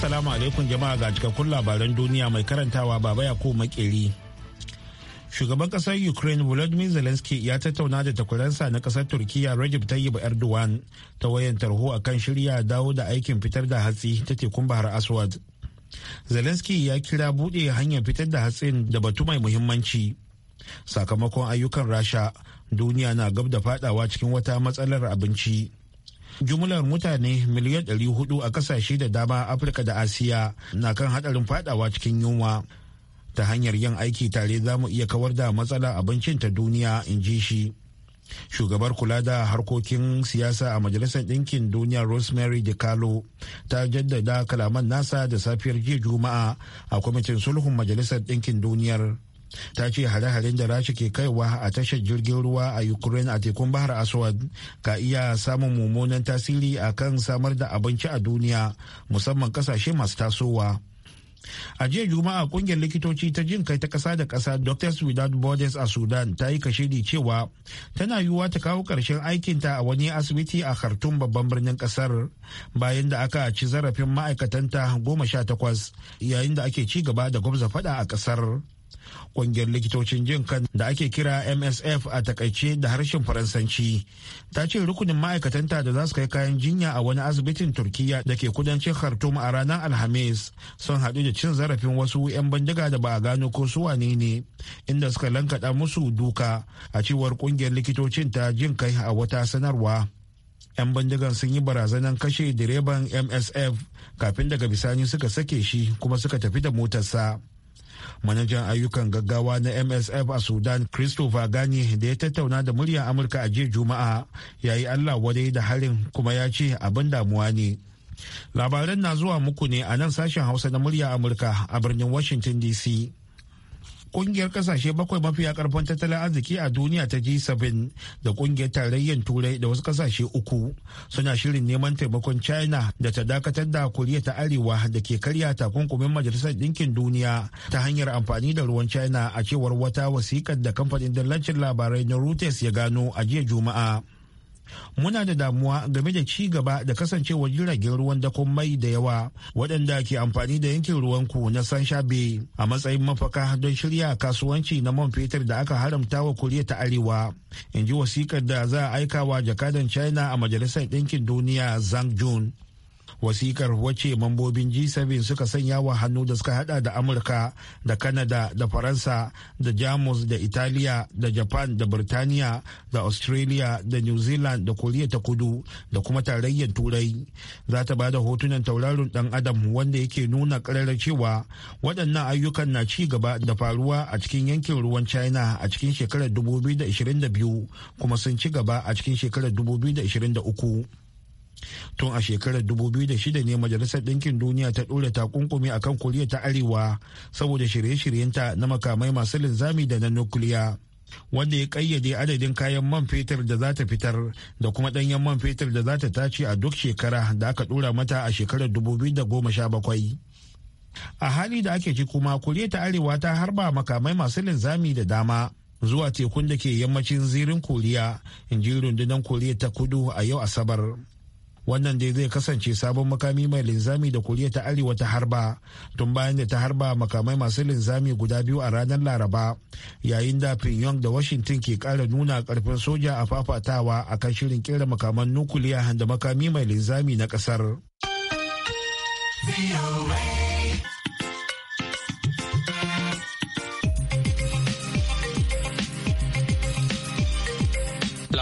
Assalamu alaikum jama'a ga cikakkun labaran duniya mai karantawa baba ya makeri. Shugaban kasar Ukraine Volodymyr Zelensky ya tattauna da takwaransa na kasar Turkiyya Recep Tayyip Erdogan ta wayan tarho a kan shirya dawo da aikin fitar da hatsi ta tekun Bahar Aswad. Zelensky ya kira buɗe hanyar fitar da hatsin da batu mai muhimmanci. Sakamakon ayyukan Rasha, duniya na gab da fadawa cikin wata matsalar abinci. Jumlar mutane miliyan 400 a kasashe da dama Afirka da Asiya na kan hadarin fadawa cikin yunwa. Ta hanyar yin aiki tare za mu iya kawar da matsala abincin ta duniya in ji shi. Shugabar kula da harkokin siyasa a Majalisar Ɗinkin Duniya Rosemary DiCarlo ta jaddada kalaman nasa da safiyar jiya Juma'a a kwamitin sulhun Majalisar Ɗinkin Duniyar. ta ce hare-haren da rasha ke kaiwa a tashar jirgin ruwa a ukraine a tekun bahar aswad ka iya samun mummunan tasiri a kan samar da abinci a duniya musamman kasashe masu tasowa a jiya juma'a kungiyar likitoci ta jin kai ta kasa da kasa doctors without borders a sudan ta yi kashedi cewa tana yiwuwa ta kawo karshen aikinta a wani asibiti a khartoum babban birnin kasar bayan da aka ci zarafin ma'aikatanta goma sha takwas yayin da ake ci gaba da gwamza fada a kasar Ƙungiyar likitocin jin kan da ake kira MSF a takaice da harshen Faransanci ta ce rukunin ma'aikatanta da za su kai kayan jinya a wani asibitin Turkiyya da ke kudancin Khartoum a ranar Alhamis sun haɗu da cin zarafin wasu 'yan bindiga da ba a gano ko su wane ne inda suka lankaɗa musu duka a cewar ƙungiyar likitocin ta jin kai a wata sanarwa. 'yan bindigan sun yi barazanan kashe direban msf kafin daga bisani suka sake shi kuma suka tafi da motarsa manajan ayyukan gaggawa na msf a sudan christopher gani da ya tattauna da muryar amurka a jiya juma'a ya yi allah wadai da harin kuma ya ce abin damuwa ne labaran na zuwa muku ne a nan sashen hausa na muryar amurka a birnin washington dc kungiyar kasashe bakwai mafiya karfin tattalin arziki a duniya ta G7 da kungiyar tarayyar turai da wasu kasashe uku suna shirin neman taimakon China da ta dakatar da Koriya ta Arewa da ke karya takunkumin Majalisar ɗinkin Duniya ta hanyar amfani da ruwan China a cewar wata wasikar da kamfanin dillancin labarai na Reuters ya gano a jiya Juma'a. muna da damuwa game da ci gaba da kasancewar jiragen ruwan dakon mai da yawa waɗanda ke amfani da yankin ruwanku na sansha bay a matsayin mafaka don shirya kasuwanci na man fetur da aka haramta wa koriya ta arewa in ji wasikar da za a aika wa jakadan china a majalisar ɗinkin duniya zhang jun wasikar wacce mambobin g7 suka sanya wa hannu da suka hada da amurka da kanada da faransa da jamus da italiya da japan da birtaniya da australia da new zealand da koriya ta kudu da kuma tarayyar turai za ta bada hotunan tauraron dan adam wanda yake nuna kararar cewa waɗannan ayyukan na ci gaba da faruwa a cikin yankin ruwan china a cikin shekarar 2022 kuma sun ci gaba a cikin shekarar 2023 tun a shekarar 2006 ne majalisar ɗinkin duniya ta ɗora takunkumi a kan koriya ta arewa saboda shirye-shiryenta na makamai masu linzami da na nukiliya wanda ya ƙayyade adadin kayan man fetur da za ta fitar da kuma ɗanyen man fetur da za ta tace a duk shekara da aka ɗora mata a shekarar 2017 a hali da ake ci kuma Kuriya ta arewa ta harba makamai masu linzami da dama zuwa tekun da ke yammacin zirin koriya in ji rundunar koriya ta kudu a yau asabar wannan dai zai kasance sabon makami mai linzami da koriya ta arewa ta harba tun bayan da ta harba makamai masu linzami guda biyu a ranar laraba yayin da pyongyang da washington ke kara nuna karfin soja a fafatawa a kan shirin kera makaman nukuliya da makami mai linzami na kasar.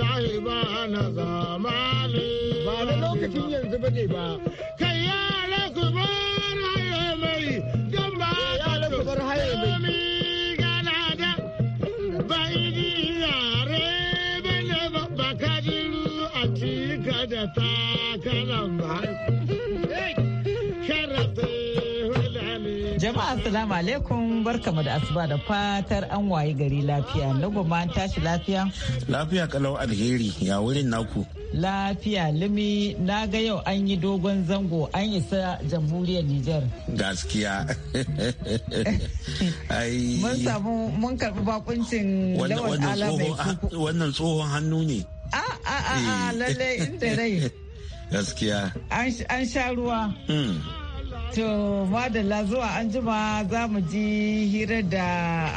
wallahi ba na zamani ba na lokacin yanzu ba ne ba kai yara ku bar haye mai don ba yara ku bar haye mai gana da ba idi yare ba ne ba ka jiru a cika da takalan ba Jama'a assalamu alaikum alaikum barkamu da asuba da fatar an waye gari lafiya. Na goma an tashi lafiya? Lafiya kalau alheri ya wurin naku. Lafiya limi na ga yau an yi dogon zango an isa jamhuriyar Nijar. Gaskiya. Mun samu mun karbi bakuncin lawan alamai. Wannan tsohon hannu ne. A a a eh. lallai inda rai. Gaskiya. An sha ruwa. Hmm. To madalla zuwa an jima za mu ji hira da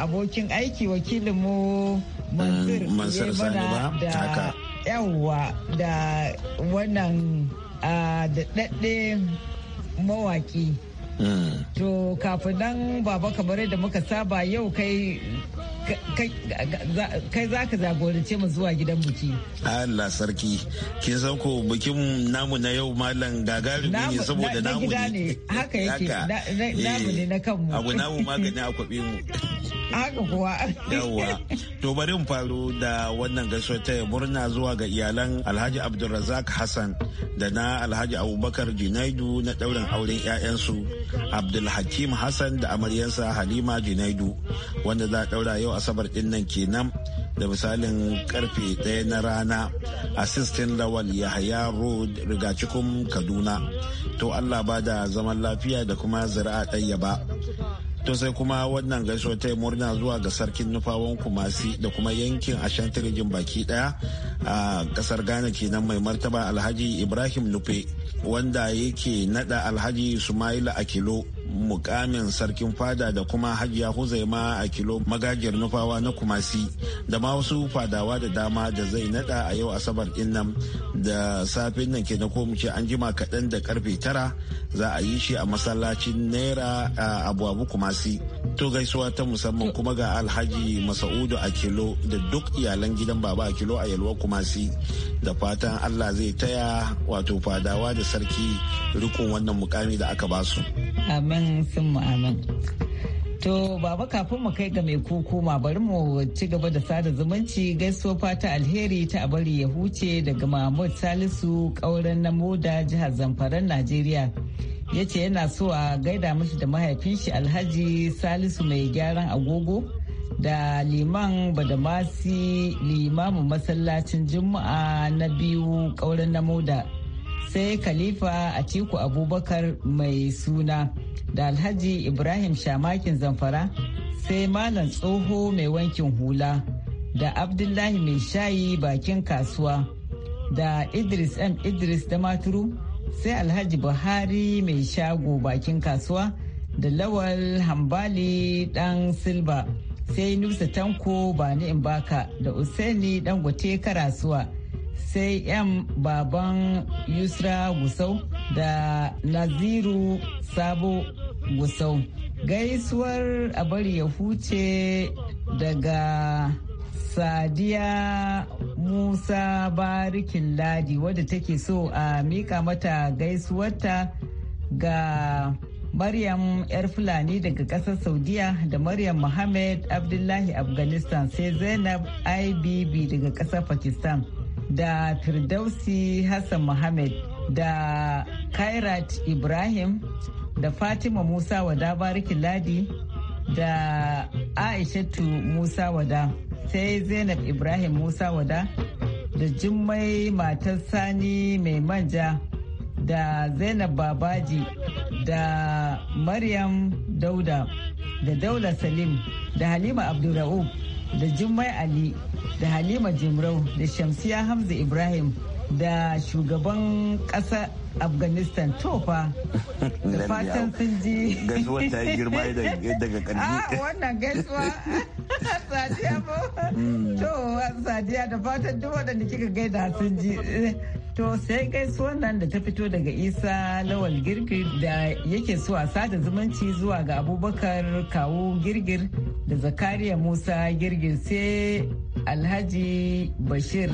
abokin aiki wakilinmu Mansur eh, Sani ba haka. Yawwa da wannan ah, daɗaɗɗe mawaƙi. Eh. To kafin nan baba kamar da muka saba yau kai kai za ka jagorance mu zuwa gidan biki. Allah sarki, kin san ko bikin namu na yau malam gagari ne saboda namu ne. Haka yake, namu ne na kanmu. Abu namu magani a kwaɓe mu. haka yawa to bari mu faru da wannan gaisuwar ta murna zuwa ga iyalan Alhaji Abdulrazak Hassan da na Alhaji Abubakar Junaidu na ɗaurin auren 'ya'yansu Abdulhakim Hassan da amaryarsa Halima Junaidu wanda za a ɗaura yau Asabar ɗin nan kenan da misalin karfe ɗaya na rana a sistin lawal yahaya road rigacikun kaduna to allah ba da zaman lafiya da kuma zira'a ɗaya ba To sai kuma wannan gaisuwa ta murna zuwa ga sarkin nufawan kumasi da kuma yankin ashantirijin baki daya a kasar Ghana kenan mai martaba Alhaji Ibrahim Nufe wanda yake nada Alhaji Sumaila Akilo mukamin sarkin fada da kuma hajiya huzaima a kilo magajiyar nufawa na kumasi da ma wasu fadawa da dama da zai nada a yau asabar din nan da safin nan ke na ko an jima kaɗan da karfe tara za a yi shi a masallacin naira a abu kumasi to gaisuwa ta musamman kuma ga alhaji masa'udu akilo da duk iyalan gidan baba akilo a yalwa kumasi da fatan allah zai taya wato fadawa da sarki rikon wannan mukami da aka basu amin sun mu amin To baba kafin mu kai ga mai ma bari mu ci gaba da sada zumunci gaisuwa fata alheri ta abari ya huce daga Mahmud Salisu ƙauren na moda jihar Zamfaran Najeriya. Ya ce yana so a gaida mashi da mahaifin shi Alhaji Salisu mai gyaran agogo da liman badamasi limamin masallacin Juma'a na biyu ƙauren na moda. sai khalifa atiku abubakar mai suna da alhaji ibrahim shamakin zamfara sai malam tsoho mai wankin hula da abdullahi mai shayi bakin kasuwa da idris m idris da maturu sai alhaji buhari mai shago bakin kasuwa da lawal hambali dan silba sai nusa tanko bani in baka da usaini dangote karasuwa sai yan baban yusra gusau da naziru sabo gusau gaisuwar a bari ya huce daga sadiya musa barikin ladi wadda take so a mika mata gaisuwarta ga maryam yar fulani daga kasar saudiya da maryam muhammad abdullahi afghanistan sai zainab ibb daga kasar pakistan da firdausi hassan muhammad da kairat ibrahim da fatima musa wada barikin ladi da aishatu musa wada sai zainab ibrahim musa wada da jummai matar sani mai manja da zainab babaji da maryam dauda da daula salim da halima Abdulra'u. da jummai ali da halima jimrau da shamsiya hamza ibrahim da shugaban ƙasa afghanistan tofa da fatan sun ji gaisuwar ta yi girma daga ƙarfi wannan gaisuwa sadiya ba hmm. to sadiya da fatan duk waɗanda kika da sun ji to sai gaisuwar nan da ta fito daga isa lawal girgir da yake so a sada zumunci zuwa ga abubakar kawo girgir da zakariya musa girgin sai alhaji bashir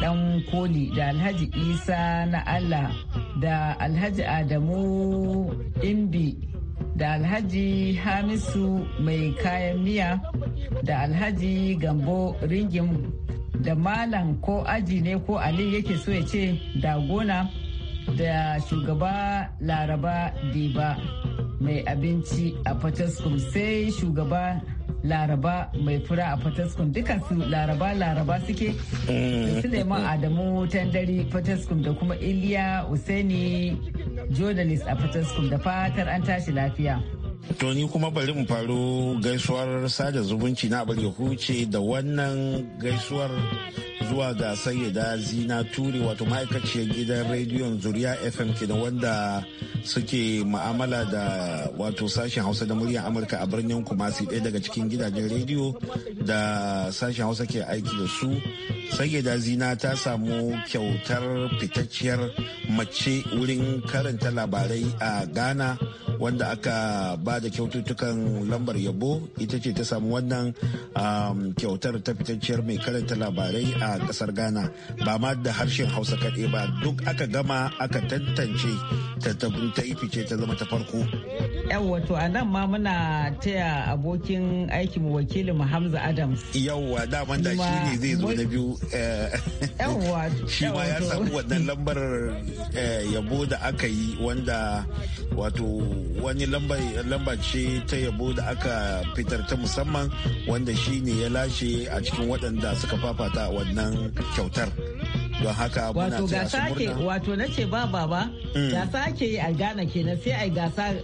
dan koli da alhaji isa na allah da alhaji adamu imbi da alhaji hamisu mai kayan miya da alhaji gambo ringin da malam ko aji ne ko ali yake so ya ce da gona da shugaba laraba diba mai abinci a fataskum sai shugaba laraba mai fura a fataskun dukansu laraba laraba suke mm. suleiman adamu tandari fataskun da kuma iliya usaini journalist a fataskun da fatar an tashi lafiya To ni kuma bari mu faru gaisuwar sada zumunci na abin huce da wannan gaisuwar zuwa ga sayyada zina ture wato ma'aikaciyar gidan rediyon zuriya fm kenan wanda suke ma'amala da wato sashen hausa da muryar amurka a birnin kumasi ɗaya daga cikin gidajen rediyo da sashen hausa ke aiki da su sayyada zina ta samu kyautar fitacciyar mace wurin karanta labarai a ghana wanda aka ba da kyaututtukan lambar yabo ita ce ta samu wannan um, kyautar ta fitacciyar mai karanta labarai a a kasar ghana ba ma da harshen hausa kaɗai ba duk aka gama aka tantance ta yi ce ta zama ta farko yawwa to a nan ma muna taya abokin aikin wakilin hamza adams yawwa daman da shi ne zai zo na biyu eh, yawwa shi ma ya samu wannan lambar eh, yabo da aka yi wanda wato wani lamba ce ta yabo da aka fitar ta musamman wanda shi ne ya lashe a cikin waɗanda suka fafata a wannan wannan kyautar don haka wato gasa ake wato na ce ba baba mm. gasa ake yi a Ghana kenan sai ai gasa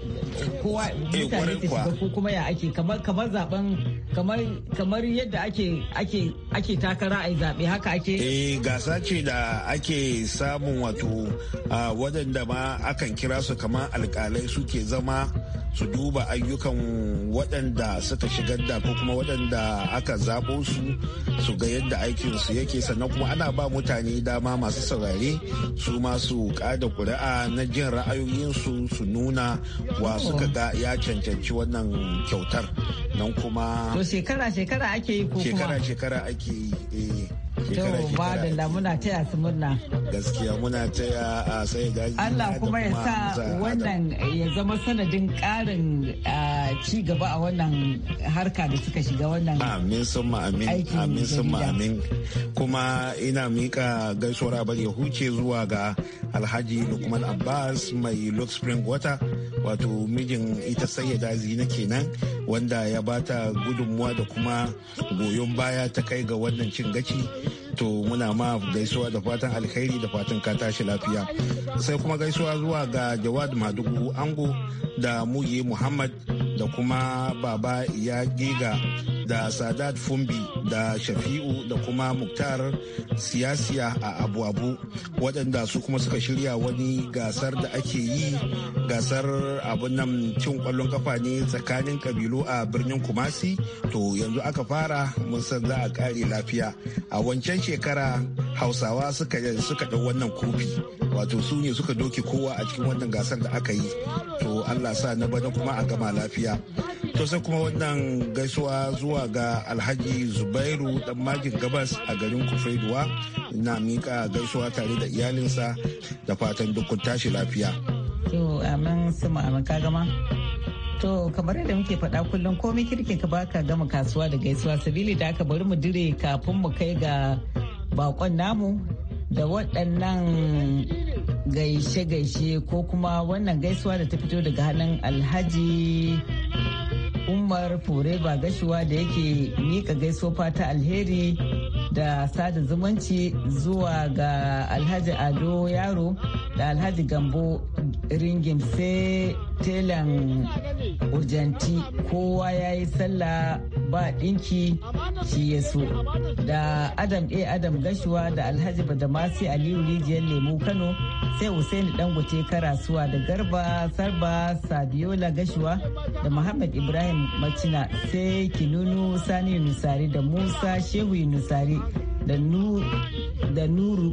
kowa eh, mutane su ko kuma ya ake kamar kamar zaben kamar kamar yadda ake ake ake takara a zaɓe haka ake? Eh gasa ce da ake samun wato waɗanda ma akan kira su kamar alƙalai suke zama su duba ayyukan waɗanda suka shigar da ko kuma waɗanda aka zaɓo su su ga yadda aikinsu yake sannan kuma ana ba mutane dama masu saurare su masu ƙada kuri'a na jin ra'ayoyinsu su nuna wa oh. suka ga ya cancanci wannan kyautar nan kuma shekara shekara ake yi ko kuma shekara shekara key. Eh. shekara ke ba da muna taya su murna gaskiya muna taya a sai gaji Allah kuma ya sa wannan ya zama sanadin karin ci gaba a wannan harka da suka shiga wannan amin sun amin amin sun amin kuma ina mika gaisuwar abar ya huce zuwa ga Alhaji Lukman Abbas mai Lux Spring Water wato mijin ita sayyada zina kenan wanda ya bata gudunmuwa da kuma goyon baya ta kai ga wannan cin gaci you. to muna ma gaisuwa da fatan alkhairi da fatan ka tashi lafiya sai kuma gaisuwa zuwa ga jawad madugu ango da muye muhammad da kuma baba ya giga da sadat fumbi da shafi'u da kuma muktar siyasiya a abu abu waɗanda su kuma suka shirya wani gasar da ake yi gasar abin nan cin ƙwallon kafa ne tsakanin ƙabilu a birnin kumasi to yanzu aka fara mun san za a kare lafiya a wancan shekara hausawa suka suka ɗau wannan kofi wato su ne suka doke kowa a cikin wannan gasar da aka yi to allah sa na bana kuma a gama lafiya to sai kuma wannan gaisuwa zuwa ga alhaji zubairu dan magin gabas a garin kufaiduwa na mika gaisuwa tare da iyalinsa da fatan dukkan tashi lafiya. to amin su ma'amin ka To kamar yadda muke faɗa kullum komai kirki ka baka gama kasuwa da gaisuwa sabili da aka bari mu dire kafin mu kai ga bakon namu da waɗannan gaishe-gaishe ko kuma wannan gaisuwa da ta fito daga hannun alhaji umar fure ba gashuwa da yake mika gaisuwa fata alheri da sada zumunci zuwa ga alhaji ado yaro da alhaji gambo ringin sai telan urjanti kowa ya yi sallah ba dinki shi ya so da adam a adam gashuwa da alhaji badamasi aliyu rijiyar lemu kano sai Hussaini dangote karasuwa da garba sarba sabiola gashuwa da muhammad ibrahim macina sai kinunu sani yunusari da musa shehu yunusari da nuru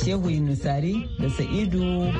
shehu yunusari da sa'idu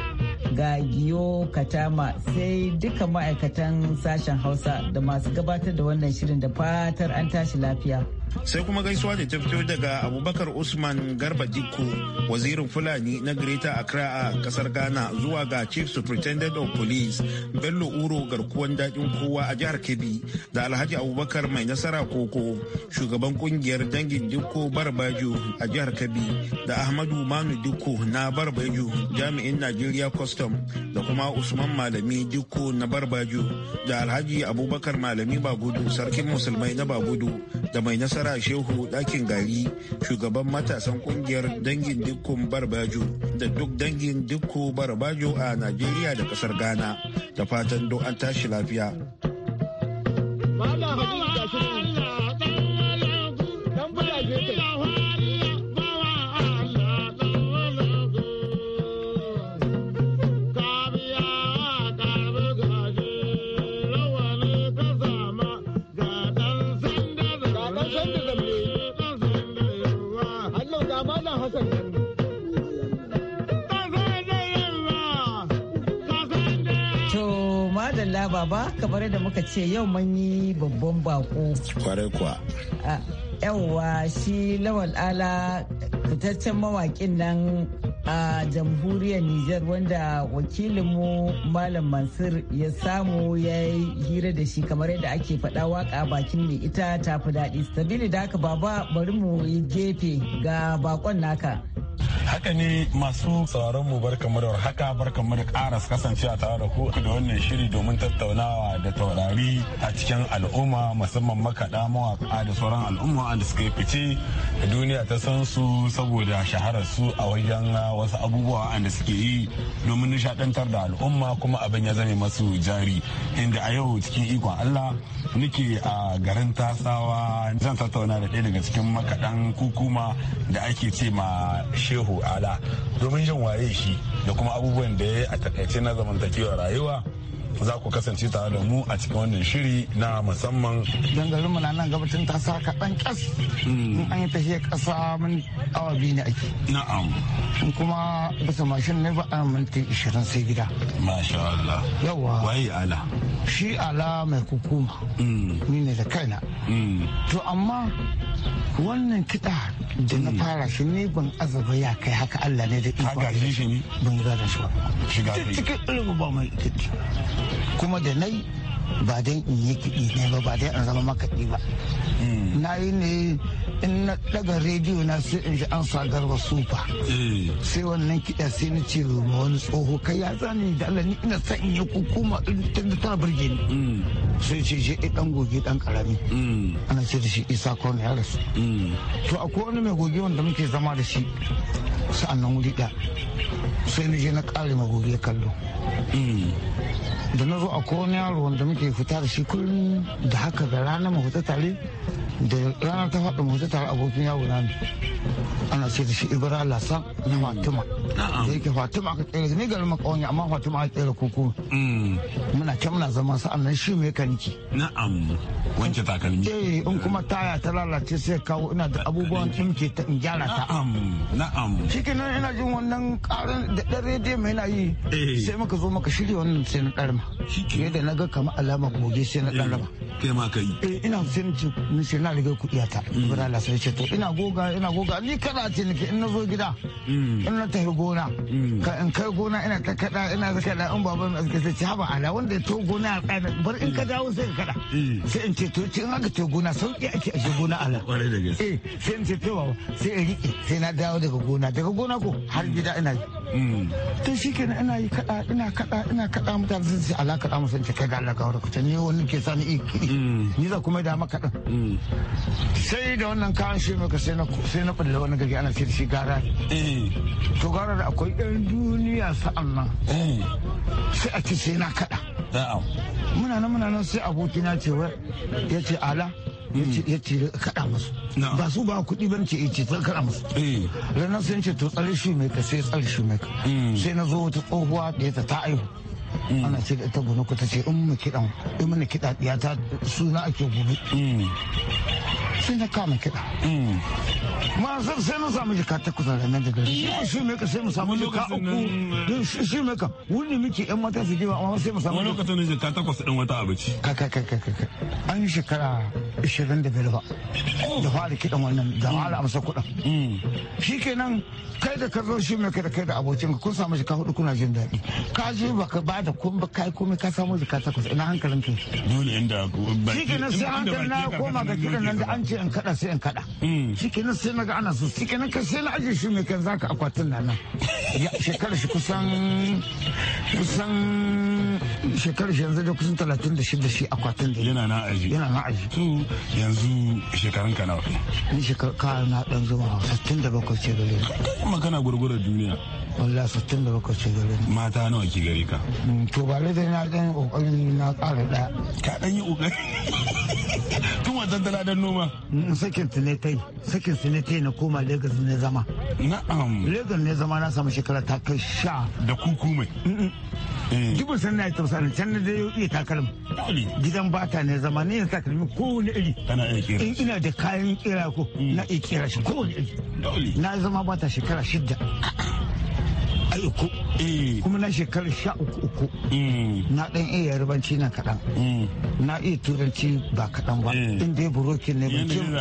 ga giyo katama sai duka ma'aikatan sashen hausa da masu gabatar da wannan shirin da fatar an tashi lafiya. sai kuma gaisuwa da ta fito daga abubakar usman garba dikko wazirin fulani na greater accra a kasar ghana zuwa ga chief superintendent of police bello uro garkuwan daɗin kowa a jihar kebbi da alhaji abubakar mai nasara koko shugaban kungiyar dangin dikko barbajo a jihar kebbi da ahmadu manu dikko na barbaju jami'in nigeria custom da kuma usman malami dikko na barbajo da alhaji abubakar malami bagudu sarkin musulmai na bagudu da mai nasara shehu ɗakin gari shugaban matasan ƙungiyar dangin dukkun barbajo da duk dangin dukku barbajo a najeriya da ƙasar ghana da fatan don an tashi lafiya. baya baba kamar da muka ce yau mun yi babban bako. Kwarai kuwa. Yawwa shi lawal ala fitaccen mawaƙin nan a jamhuriyar Nijar wanda wakilinmu Malam Mansur ya samu ya yi hira da shi kamar yadda ake faɗa waka bakin mai ita tafi daɗi. Sabili da haka baba bari mu yi gefe ga bakon naka. haka ne masu sauraron mu bar kamar haka bar kamar karas kasancewa tare da ku da wannan shiri domin tattaunawa da taurari a cikin al'umma musamman makaɗa mawaka da sauran al'umma da suka fice da duniya ta san su saboda shaharar su a wajen wasu abubuwa da suke yi domin nishaɗantar da al'umma kuma abin ya zame masu jari inda a yau cikin ikon Allah nake a garin tasawa zan tattauna da ɗaya daga cikin makaɗan kukuma da ake ce ma shehu ala domin jin waye shi da kuma abubuwan da ya yi a takaice na zamantakewar rayuwa za ku kasance tare da mu a cikin wannan shiri na musamman. Dangarin mu na nan gabatin ta sa kaɗan ƙas. Hmm. In an yi tafiyar ƙasa mun awa biyu ne ake. Na'am. In kuma bisa mashin ne ba a minti ishirin sai gida. Masha Allah. Yawa. Waye ala. Shi ala mai hukuma. Hmm. Ni ne da kaina. Hmm. To amma wannan kiɗa da na fara shi ne ban azaba ya kai haka Allah ne da ikon. shi ne? Ban gada shi ba. Shiga Cikin ilimin ba mai kuma da nai ba dan in yi kiɗi ne ba ba dan in zama makaɗi ba hmm. na yi ne in na daga rediyo na sai in ji an sa garba sufa eh. sai wannan kiɗa sai na ce ma wani tsoho kai ya zani da Allah ni ina sa in yi kukuma in ta burge ni hmm. sai ce je dan eh, goge dan karami hmm. ana ce da shi isa kwan ya rasu to akwai wani mai goge wanda muke zama da shi sa'an nan wuri da sai na je na kare magoge kallo da na zo akwai wani yaro wanda muke fita da shi kullum da haka da rana mu fita tare da rana ta faɗa mu fita tare abokin yawo na ana ce da shi ibra lasa na matuma da yake fatima ka tsere ni garin makawanya amma fatima ka tsere koko mm. muna can muna zama sa'an nan shi mai kaniki na'am wanke takalmi eh in kuma taya ta lalace sai kawo ina da abubuwan tsinke ta in gyara ta na'am shikenan ina jin wannan karin da dan rediyo mai na yi eh. sai muka zo maka shirye wannan sai na darma shikenan da ga kamar alama goge sai na karma eh, kai ma kai eh ina sai ce ni sai na riga kuɗi ta mm. ina goga ina goga ni kana ce ni in na zo gida mm. in na tafi gona mm. in kai gona ina ta kada ina ta kada in baban na suka ce haba ala wanda to gona a tsada bar in ka mm. dawo sai ka kada mm. sai in ce to in aka ce gona sauki ake a gona ala da gaske eh, sai in ce to sai in rike sai na dawo daga gona daga gona ko har gida ina to shi kenan ina yi kaɗa ina kaɗa ina kaɗa mutane sun ce Allah kaɗa musu ce kai ga Allah ka wara ni wani ke sani iki mm. ni za kuma da maka kaɗan mm. sai da wannan kayan shi maka sai na sai na kulle wani gari ana ce shi gara eh. to gara da akwai ɗan duniya sa'an nan eh. sai a ce sai na kaɗa muna nan muna nan sai abokina ce ya ce ala ya ce kaɗa musu ba su ba kuɗi ban ce ce tsar kaɗa musu eh. ranar sun ce to tsare shi mai sai tsare shi mai hmm. sai na zo wata tsohuwa da ya ta ta aihu hmm. ana ce da ita gobe ta ce in mu kiɗan in mana kiɗa ta suna ake gobe hmm. shi na kama kiɗa. Ma zan sai mun samu jika takwas a ranar da dare. Shi mai ka sai mu samu jika uku. Shi mai ka wuni muke yan mata su jiwa amma sai mu samu. Wani lokacin da jika takwas hmm. ɗin wata abaci. Kaka kaka kaka. An yi shekara ishirin da biyar ba. Da fara kiɗan wannan da fara amsa kuɗin. Shi kenan kai da ka zo shi mai ka da kai da abokin kun samu jika hudu hmm. kuna jin daɗi. Ka je ba ka ba da kun ba kai komai ka samu jika takwas ina hankalin kai. Dole inda. Shi kenan sai hankali na koma ga kiɗan nan da an ce sai in kada sai in kada hmm. shikenan sai naga ana so shikenan kai sai na aje shi mai kan zaka akwatin nan shekara shi kusan kusan nan shekarar yanzu da kusan talatin da shida shi akwatin da yana na aji yana na aji to yanzu shekarun ka nawa ni shekara na dan zuma sittin da bakwai ce gare ni magana gurgurar duniya wallahi sittin da bakwai ce gare ni mata nawa ki gare ka mm, to ba da na dan kokari na kara ɗaya ka dan yi kokari tun wasan taladan noma mm, sakin sinetai sakin sinetai na koma lagos ne zama na'am lagos ne zama na samu shekara ta kai sha da kuku mai gibin eh. san na ne can da dai iya takalmi gidan bata ne zama ne yin takalmi kowane iri kana iya kera in ina da kayan kera ko hmm. na iya kera shi kowane iri na zama bata shekara shidda a uku eh. kuma na shekarar sha uku uku hmm. na dan iya yarbanci na kaɗan hmm. na iya turanci ba kaɗan ba eh. in dai burokin ne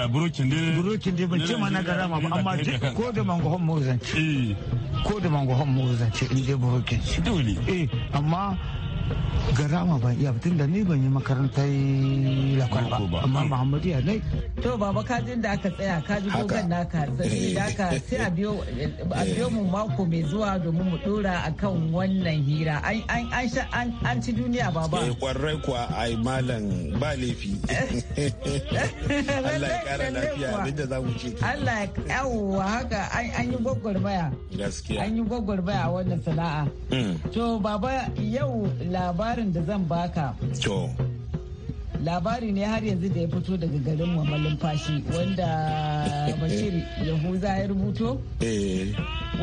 burokin dai ban ce ma na ma ba amma ko da mangahon mozanci ko da mangwahon mu zance in dai burkin dole eh amma garama ban iya tun da ni ban yi makarantar lakwal ba amma muhammadu ya nai to baba ka jin da aka tsaya ka ji gogon naka sai eh. da aka sai a biyo a eh. biyo mu mako mai zuwa domin mu dora akan wannan hira an an an an ci duniya baba eh kwarai kuwa ai malam ba laifi Allah ya kara lafiya duk da zamu ce Allah ya haka an yi gwagwarmaya gaskiya an yi gwagwarmaya wannan sana'a hmm. to baba yau la labarin da zan baka. To. labari ne har yanzu da ya fito daga garin mamalin fashi wanda bashir yahuza ya rubuto eh.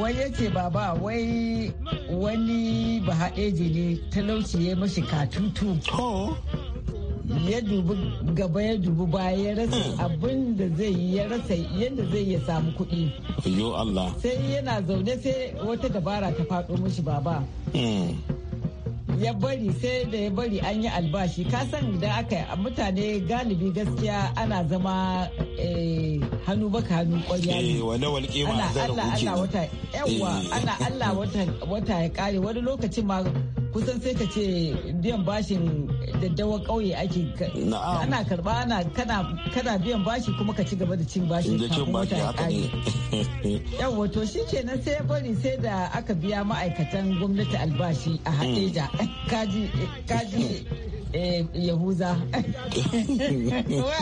wai ya ce baba wai wani bahaɗeji ne talauci ya mashi katutu ya dubi gaba ya dubi baya ya rasa hmm. abin da zai yi ya rasa yadda zai ya samu kuɗi. Sai yana zaune sai wata dabara ta faɗo mashi baba. Hmm. ya bari sai da ya bari an yi albashi kasan da aka yi mutane galibi gaskiya ana zama eh, hannu baka hannu kwarya ne wale walƙe ma ana Allah wata yawa ana Allah wata ya kare wani lokacin ma kusan sai ka ce biyan bashin daddawa ƙauye ake ana karba ana kana biyan bashi kuma ka ci gaba da cin bashi kafin bashi haka ne yawa wato shi kenan sai bari sai da aka biya ma'aikatan gwamnati albashi a hadeja hmm. kaji kaji eh, yahuza wa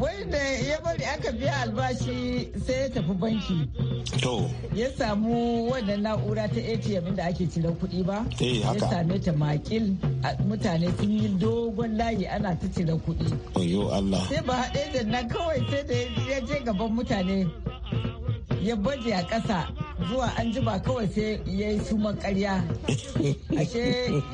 wai da ya bari aka biya albashi sai ya tafi banki to ya samu wannan na'ura ta atm da ake cire kuɗi ba eh, ya same ta makil mutane sun yi dogon layi ana ta cire kuɗi sai ba haɗe da nan kawai sai da ya je gaban mutane ya baje a ƙasa zuwa an ba kawai sai ya yi suman karya ashe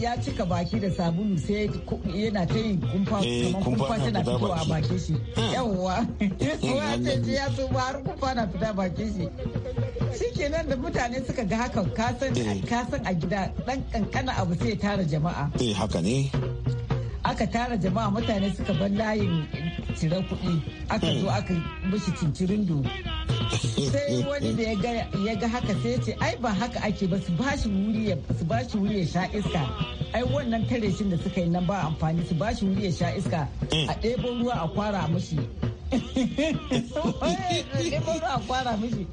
ya cika baki da sabulu sai yana ta yin kumfa eh, kamar kumfa tana fitowa a baki shi yawwa eh, ya ce ya ba har kumfa na fita baki shi shi nan da mutane suka ga hakan kasan eh. a gida dan kankana abu sai tara jama'a eh haka ne aka tara jama'a mutane suka bar layin cire kuɗi aka zo aka mishi cincirindo sai wani da ya ga haka sai ce ai ba haka ake ba su ba shi wuri ya su ba shi wuri ya sha iska ai wannan tare shin da suka yi nan ba amfani su ba shi wuri ya sha iska a ɗebo ruwa a kwara mishi ɗebo ruwa a kwara mishi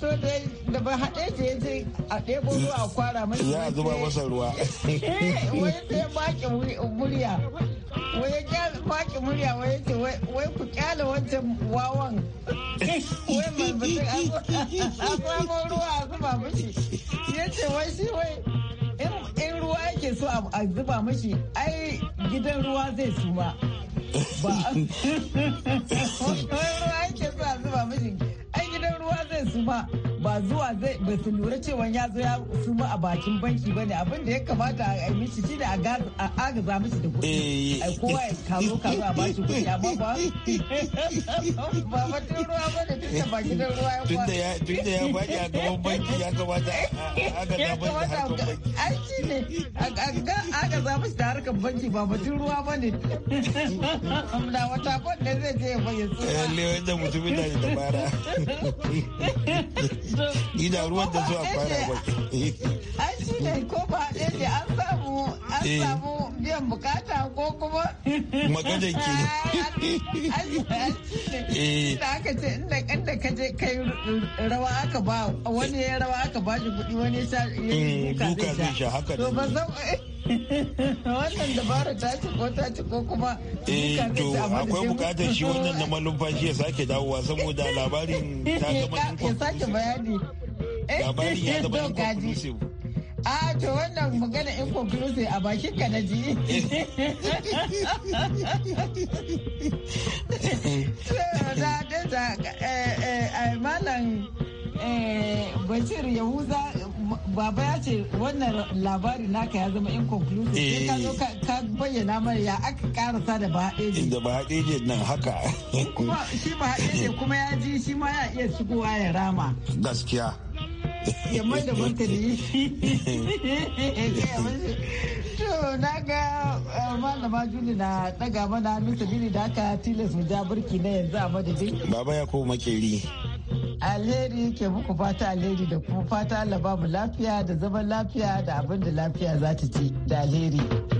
to da ba haɗe ce ya ce a ɗebo ruwa a kwara mishi ya zuba masa ruwa eh, wani sai ya baƙin murya wai ya kyala kwaki murya wai yace wai ku kyala wancan wawan wai abuwa ko ruwa a zuba mashi ya ce wai shi wai in ruwa yake so a zuba mashi ai gidan ruwa zai suma ba ruwa yake so a zuba mashi ai gidan ruwa zai suma ba zuwa zai ba su lura cewa ya zo ya suma a bakin banki ba ne abin da ya kamata a yi mishi shi da a agaza mishi da kuɗi eh. ai kowa ya kawo kawo a bashi kuɗi amma ba ba batun ruwa ba da tunda ba da ruwa ya Tun tunda ya faɗi a gaban banki ya kamata a agaza mishi da harkar banki ai shi ne agaza mishi da harkar banki ba batun ruwa ba ne da wata kwan da zai je ya bayyana. Lewai da mutumin da ya dabara. ni da ruwan da zuwa fara baki ai shi ne ko ba ɗaya ne an samu an eh. samu biyan bukata ko kuma magadan ki ne eh. da aka ce inda inda ka je kai rawa aka ba wani ya rawa aka ba shi kuɗi wani ya mm, sha duka zai sha haka to ba zan wannan dabara ta ci ko ta ci ko kuma eh to akwai bukatar shi wannan na malumfashi ya sake dawowa saboda labarin ta zama ya sake bayani labarin ya zama inconclusive A to wannan magana inconclusive a bakin ka na ji. Eh, eh, eh, malam Bashir Yahuza baba ya ce wannan labari naka ya zama inconclusive sai ka zo ka bayyana mana ya aka karasa da ba haɗeje da ba haɗeje nan haka kuma shi ba haɗeje kuma ya ji shi ma ya iya shigowa ya rama gaskiya ya da martani to na ga eh, malama juli na daga mana hannu sabini da aka tilas mu ja burki na yanzu a madadi. baba ya ko makeri alheri ke muku fata alheri da kuma fata babu lafiya da zaman lafiya da abin da lafiya za ta ci da alheri